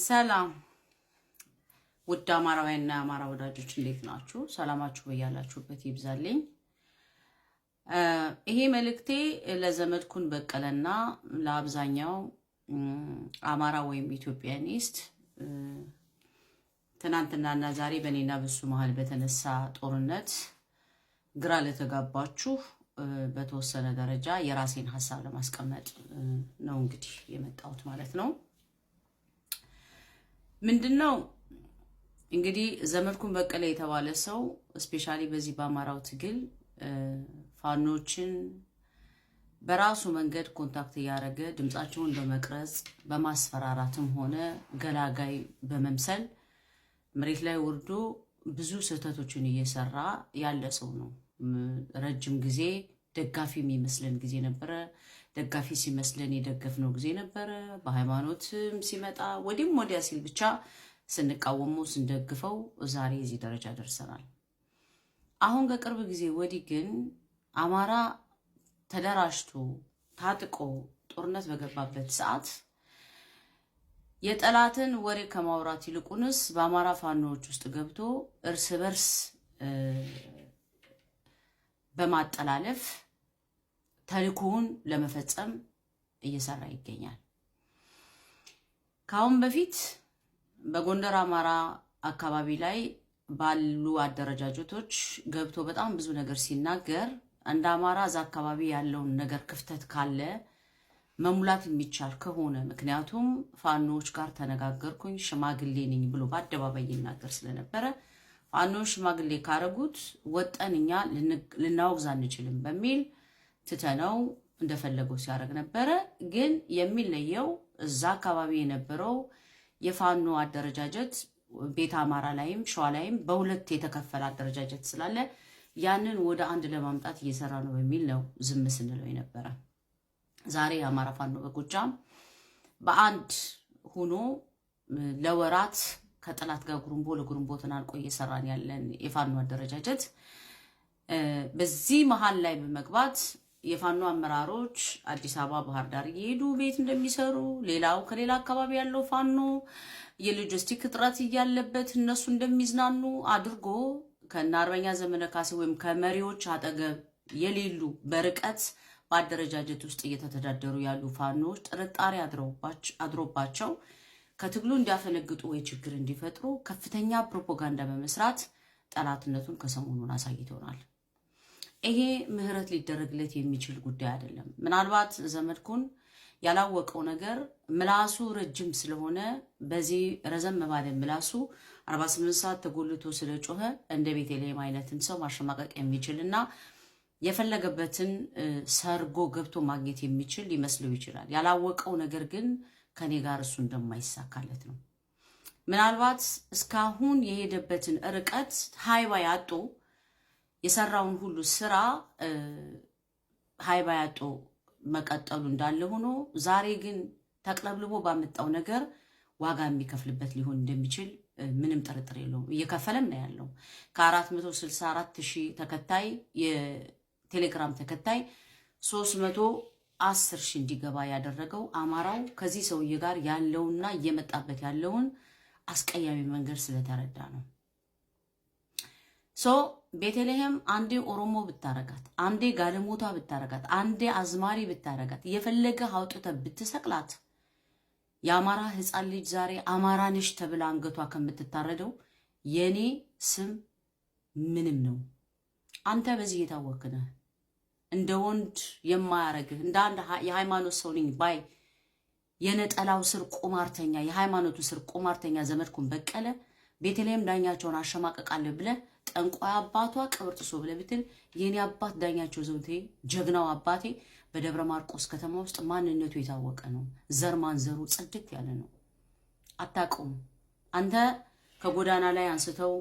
ሰላም ውድ አማራውያንና የአማራ ወዳጆች እንዴት ናችሁ? ሰላማችሁ በያላችሁበት ይብዛልኝ። ይሄ መልእክቴ ለዘመድኩን በቀለና ለአብዛኛው አማራ ወይም ኢትዮጵያኒስት ትናንትናና ዛሬ በእኔና በሱ መሀል በተነሳ ጦርነት ግራ ለተጋባችሁ በተወሰነ ደረጃ የራሴን ሀሳብ ለማስቀመጥ ነው እንግዲህ የመጣሁት ማለት ነው። ምንድን ነው እንግዲህ ዘመድኩን በቀለ የተባለ ሰው እስፔሻሊ በዚህ በአማራው ትግል ፋኖችን በራሱ መንገድ ኮንታክት እያደረገ ድምፃቸውን በመቅረጽ በማስፈራራትም ሆነ ገላጋይ በመምሰል መሬት ላይ ወርዶ ብዙ ስህተቶችን እየሰራ ያለ ሰው ነው። ረጅም ጊዜ ደጋፊ የሚመስለን ጊዜ ነበረ። ደጋፊ ሲመስለን የደገፍነው ጊዜ ነበረ። በሃይማኖትም ሲመጣ ወዲህም ወዲያ ሲል ብቻ ስንቃወመው ስንደግፈው ዛሬ እዚህ ደረጃ ደርሰናል። አሁን ከቅርብ ጊዜ ወዲህ ግን አማራ ተደራጅቶ ታጥቆ ጦርነት በገባበት ሰዓት የጠላትን ወሬ ከማውራት ይልቁንስ በአማራ ፋኖዎች ውስጥ ገብቶ እርስ በርስ በማጠላለፍ ተልእኮውን ለመፈጸም እየሰራ ይገኛል። ከአሁን በፊት በጎንደር አማራ አካባቢ ላይ ባሉ አደረጃጀቶች ገብቶ በጣም ብዙ ነገር ሲናገር እንደ አማራ እዛ አካባቢ ያለውን ነገር ክፍተት ካለ መሙላት የሚቻል ከሆነ ምክንያቱም ፋኖዎች ጋር ተነጋገርኩኝ ሽማግሌ ነኝ ብሎ በአደባባይ ይናገር ስለነበረ ፋኖ ሽማግሌ ካረጉት ወጠን እኛ ልናወግዝ አንችልም በሚል ትተነው እንደፈለገው ሲያደርግ ነበረ። ግን የሚለየው እዛ አካባቢ የነበረው የፋኖ አደረጃጀት ቤት አማራ ላይም ሸዋ ላይም በሁለት የተከፈለ አደረጃጀት ስላለ ያንን ወደ አንድ ለማምጣት እየሰራ ነው በሚል ነው ዝም ስንለው የነበረ። ዛሬ የአማራ ፋኖ በጎጃም በአንድ ሆኖ ለወራት ከጠላት ጋር ጉርምቦ ለጉርምቦ ተናንቆ እየሰራን ያለን የፋኖ አደረጃጀት በዚህ መሀል ላይ በመግባት የፋኖ አመራሮች አዲስ አበባ፣ ባህር ዳር እየሄዱ ቤት እንደሚሰሩ ሌላው ከሌላ አካባቢ ያለው ፋኖ የሎጂስቲክ እጥረት እያለበት እነሱ እንደሚዝናኑ አድርጎ ከነ አርበኛ ዘመነ ካሴ ወይም ከመሪዎች አጠገብ የሌሉ በርቀት በአደረጃጀት ውስጥ እየተተዳደሩ ያሉ ፋኖዎች ጥርጣሬ አድሮባቸው ከትግሉ እንዲያፈነግጡ ወይ ችግር እንዲፈጥሩ ከፍተኛ ፕሮፓጋንዳ በመስራት ጠላትነቱን ከሰሞኑን አሳይተውናል። ይሄ ምህረት ሊደረግለት የሚችል ጉዳይ አይደለም። ምናልባት ዘመድኩን ያላወቀው ነገር ምላሱ ረጅም ስለሆነ በዚህ ረዘም ባለ ምላሱ 48 ሰዓት ተጎልቶ ስለጮኸ እንደ ቤተልሔም አይነትን ሰው ማሸማቀቅ የሚችል እና የፈለገበትን ሰርጎ ገብቶ ማግኘት የሚችል ሊመስለው ይችላል። ያላወቀው ነገር ግን ከኔ ጋር እሱ እንደማይሳካለት ነው። ምናልባት እስካሁን የሄደበትን ርቀት ሀይባ ያጡ የሰራውን ሁሉ ስራ ሀይባ ያጦ መቀጠሉ እንዳለ ሆኖ ዛሬ ግን ተቅለብልቦ ባመጣው ነገር ዋጋ የሚከፍልበት ሊሆን እንደሚችል ምንም ጥርጥር የለውም። እየከፈለም ነው ያለው። ከ464 ሺህ ተከታይ የቴሌግራም ተከታይ 310 ሺህ እንዲገባ ያደረገው አማራው ከዚህ ሰውዬ ጋር ያለውና እየመጣበት ያለውን አስቀያሚ መንገድ ስለተረዳ ነው። ቤተልሔም አንዴ ኦሮሞ ብታረጋት፣ አንዴ ጋለሞታ ብታረጋት፣ አንዴ አዝማሪ ብታረጋት፣ የፈለገ አውጥተ ብትሰቅላት የአማራ ሕፃን ልጅ ዛሬ አማራ ነሽ ተብላ አንገቷ ከምትታረደው የኔ ስም ምንም ነው። አንተ በዚህ የታወክ እንደ ወንድ የማያረግህ እንደ አንድ የሃይማኖት ሰው ነኝ ባይ የነጠላው ስር ቁማርተኛ የሃይማኖቱ ስር ቁማርተኛ ዘመድኩን በቀለ ቤተልሔም ዳኛቸውን አሸማቀቃለሁ ብለህ ጠንቋይ አባቷ ቀብር ጥሶ ብለህ የኔ አባት ዳኛቸው ዘውቴ ጀግናው አባቴ በደብረ ማርቆስ ከተማ ውስጥ ማንነቱ የታወቀ ነው። ዘር ማንዘሩ ጽድት ያለ ነው። አታውቀውም አንተ ከጎዳና ላይ አንስተው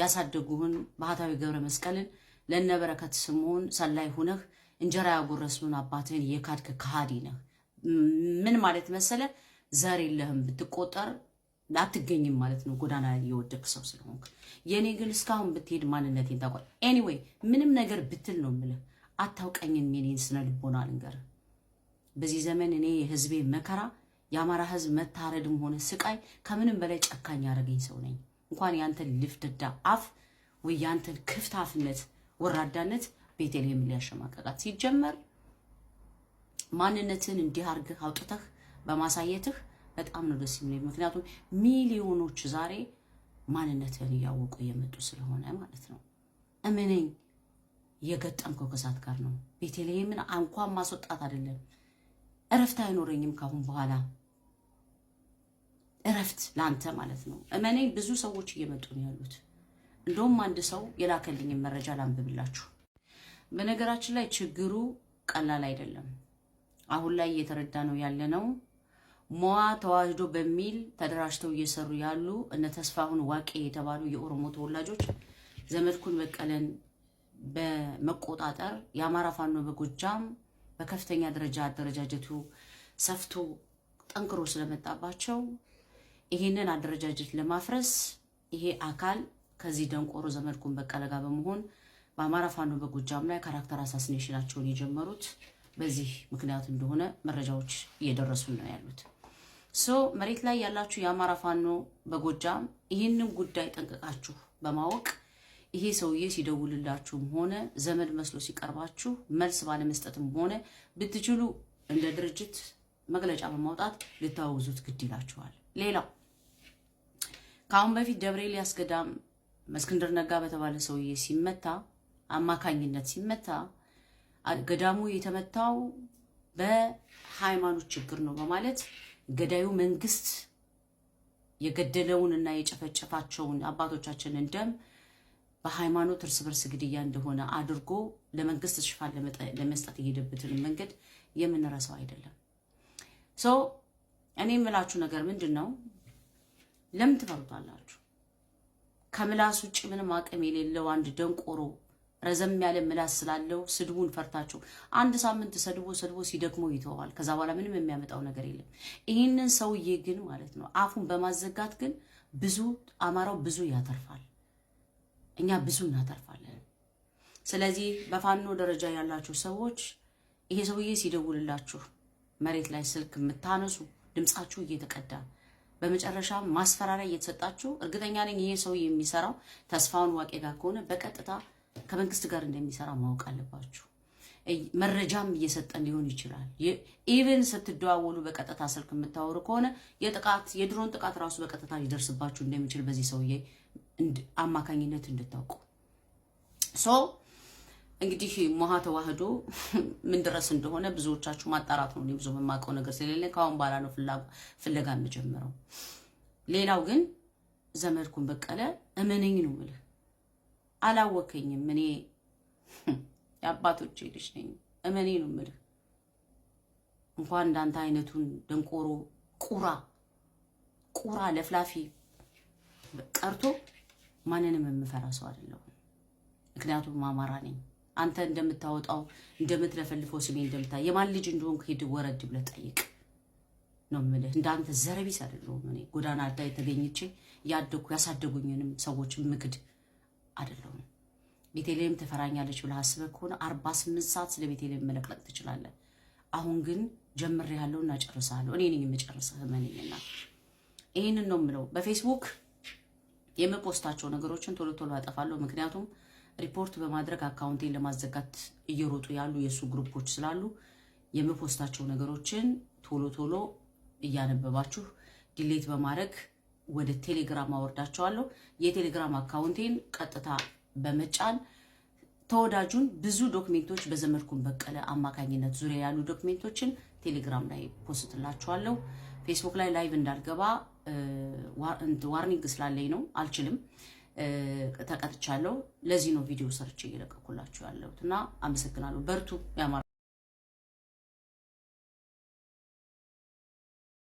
ያሳደጉህን ባህታዊ ገብረ መስቀልን ለነበረከት ስምዖን ሰላይ ሁነህ እንጀራ ያጎረስኑን አባትህን የካድክ ከሃዲ ነህ። ምን ማለት መሰለ ዘር የለህም ብትቆጠር አትገኝም ማለት ነው፣ ጎዳና የወደቅ ሰው ስለሆንክ። የእኔ ግን እስካሁን ብትሄድ ማንነቴን ታውቋል። ኤኒዌይ ምንም ነገር ብትል ነው የምልህ፣ አታውቀኝም። የኔን ስነ ልቦና ልንገርህ። በዚህ ዘመን እኔ የህዝቤ መከራ የአማራ ህዝብ መታረድም ሆነ ስቃይ ከምንም በላይ ጨካኝ ያደረገኝ ሰው ነኝ። እንኳን ያንተን ልፍድዳ አፍ ወይ ያንተን ክፍት አፍነት ወራዳነት ቤተልሔም ሊያሸማቀቃት ሲጀመር ማንነትን እንዲህ አርገህ አውጥተህ በማሳየትህ በጣም ነው ደስ የሚለኝ። ምክንያቱም ሚሊዮኖች ዛሬ ማንነትህን እያወቁ እየመጡ ስለሆነ ማለት ነው። እምነኝ የገጠምከው ከሳት ጋር ነው። ቤተልሔምን እንኳን ማስወጣት አይደለም እረፍት አይኖረኝም ካሁን በኋላ እረፍት ለአንተ ማለት ነው። እመነኝ ብዙ ሰዎች እየመጡ ነው ያሉት። እንደውም አንድ ሰው የላከልኝ መረጃ ላንብብላችሁ። በነገራችን ላይ ችግሩ ቀላል አይደለም። አሁን ላይ እየተረዳ ነው ያለ ነው። ሞዋ ተዋህዶ በሚል ተደራጅተው እየሰሩ ያሉ እነ ተስፋሁን ዋቄ የተባሉ የኦሮሞ ተወላጆች ዘመድኩን በቀለን በመቆጣጠር የአማራ ፋኖ በጎጃም በከፍተኛ ደረጃ አደረጃጀቱ ሰፍቶ ጠንክሮ ስለመጣባቸው ይህንን አደረጃጀት ለማፍረስ ይሄ አካል ከዚህ ደንቆሮ ዘመድኩን በቀለ ጋር በመሆን በአማራ ፋኖ በጎጃም ላይ ካራክተር አሳስኔሽናቸውን የጀመሩት በዚህ ምክንያት እንደሆነ መረጃዎች እየደረሱ ነው ያሉት። ሶ መሬት ላይ ያላችሁ የአማራ ፋኖ በጎጃም ይህንን ጉዳይ ጠንቀቃችሁ በማወቅ ይሄ ሰውዬ ሲደውልላችሁም ሆነ ዘመድ መስሎ ሲቀርባችሁ መልስ ባለመስጠትም ሆነ ብትችሉ እንደ ድርጅት መግለጫ በማውጣት ልታወግዙት ግድ ይላችኋል። ሌላው ከአሁን በፊት ደብረ ኤልያስ ገዳም እስክንድር ነጋ በተባለ ሰውዬ ሲመታ አማካኝነት ሲመታ ገዳሙ የተመታው በሃይማኖት ችግር ነው በማለት ገዳዩ መንግስት የገደለውን እና የጨፈጨፋቸውን አባቶቻችንን ደም በሃይማኖት እርስ በርስ ግድያ እንደሆነ አድርጎ ለመንግስት ሽፋን ለመስጠት የሄደበትን መንገድ የምንረሳው አይደለም። ሶ እኔ የምላችሁ ነገር ምንድን ነው? ለምን ትፈሩታላችሁ? ከምላስ ውጭ ምንም አቅም የሌለው አንድ ደንቆሮ ረዘም ያለ ምላስ ስላለው ስድቡን ፈርታችሁ አንድ ሳምንት ሰድቦ ሰድቦ ሲደክሞ ይተዋል። ከዛ በኋላ ምንም የሚያመጣው ነገር የለም። ይህንን ሰውዬ ግን ማለት ነው አፉን በማዘጋት ግን ብዙ አማራው ብዙ ያተርፋል፣ እኛ ብዙ እናተርፋለን። ስለዚህ በፋኖ ደረጃ ያላችሁ ሰዎች ይሄ ሰውዬ ሲደውልላችሁ መሬት ላይ ስልክ የምታነሱ ድምፃችሁ እየተቀዳ በመጨረሻ ማስፈራሪያ እየተሰጣችሁ እርግጠኛ ነኝ ይሄ ሰውዬ የሚሰራው ተስፋውን ዋቄ ጋር ከሆነ በቀጥታ ከመንግስት ጋር እንደሚሰራ ማወቅ አለባችሁ። መረጃም እየሰጠን ሊሆን ይችላል። ኢቨን ስትደዋወሉ በቀጥታ ስልክ የምታወሩ ከሆነ የጥቃት የድሮን ጥቃት ራሱ በቀጥታ ሊደርስባችሁ እንደሚችል በዚህ ሰውዬ አማካኝነት እንድታውቁ ሶ እንግዲህ ሞሃ ተዋህዶ ምን ድረስ እንደሆነ ብዙዎቻችሁ ማጣራት ነው። ብዙ የማውቀው ነገር ስለሌለ ከአሁን በኋላ ነው ፍለጋ የምጀምረው። ሌላው ግን ዘመድኩን በቀለ እመነኝ ነው የምልህ አላወከኝም። እኔ የአባቶቼ ልጅ ነኝ። እመኔ ነው የምልህ። እንኳን እንዳንተ አይነቱን ደንቆሮ ቁራ ቁራ ለፍላፊ ቀርቶ ማንንም የምፈራ ሰው አይደለሁም። ምክንያቱም አማራ ነኝ። አንተ እንደምታወጣው እንደምትለፈልፈው ስሜ እንደምታ የማን ልጅ እንደሆንክ ሂድ ወረድ ብለህ ጠይቅ ነው የምልህ። እንዳንተ ዘረቢስ አይደለሁም እኔ ጎዳና ላይ ተገኝቼ ያደኩ ያሳደጉኝንም ሰዎች ምግድ አይደለሁም። ቤተልሔም ትፈራኛለች ብለህ አስበህ ከሆነ አርባ ስምንት ሰዓት ስለ ቤተልሔም መለቅለቅ ትችላለህ። አሁን ግን ጀምር እና ጨርሳለሁ። እኔ ነኝ የምጨርስህ መነኝና ይህንን ነው የምለው። በፌስቡክ የምፖስታቸው ነገሮችን ቶሎ ቶሎ ያጠፋለሁ። ምክንያቱም ሪፖርት በማድረግ አካውንቴን ለማዘጋት እየሮጡ ያሉ የእሱ ግሩፖች ስላሉ የምፖስታቸው ነገሮችን ቶሎ ቶሎ እያነበባችሁ ዲሌት በማድረግ ወደ ቴሌግራም አወርዳቸዋለሁ። የቴሌግራም አካውንቴን ቀጥታ በመጫን ተወዳጁን ብዙ ዶክሜንቶች በዘመድኩን በቀለ አማካኝነት ዙሪያ ያሉ ዶክሜንቶችን ቴሌግራም ላይ ፖስትላቸዋለሁ። ፌስቡክ ላይ ላይቭ እንዳልገባ ዋርኒንግ ስላለኝ ነው፣ አልችልም፣ ተቀጥቻለሁ። ለዚህ ነው ቪዲዮ ሰርቼ እየለቀኩላችሁ ያለሁት እና አመሰግናለሁ። በርቱ።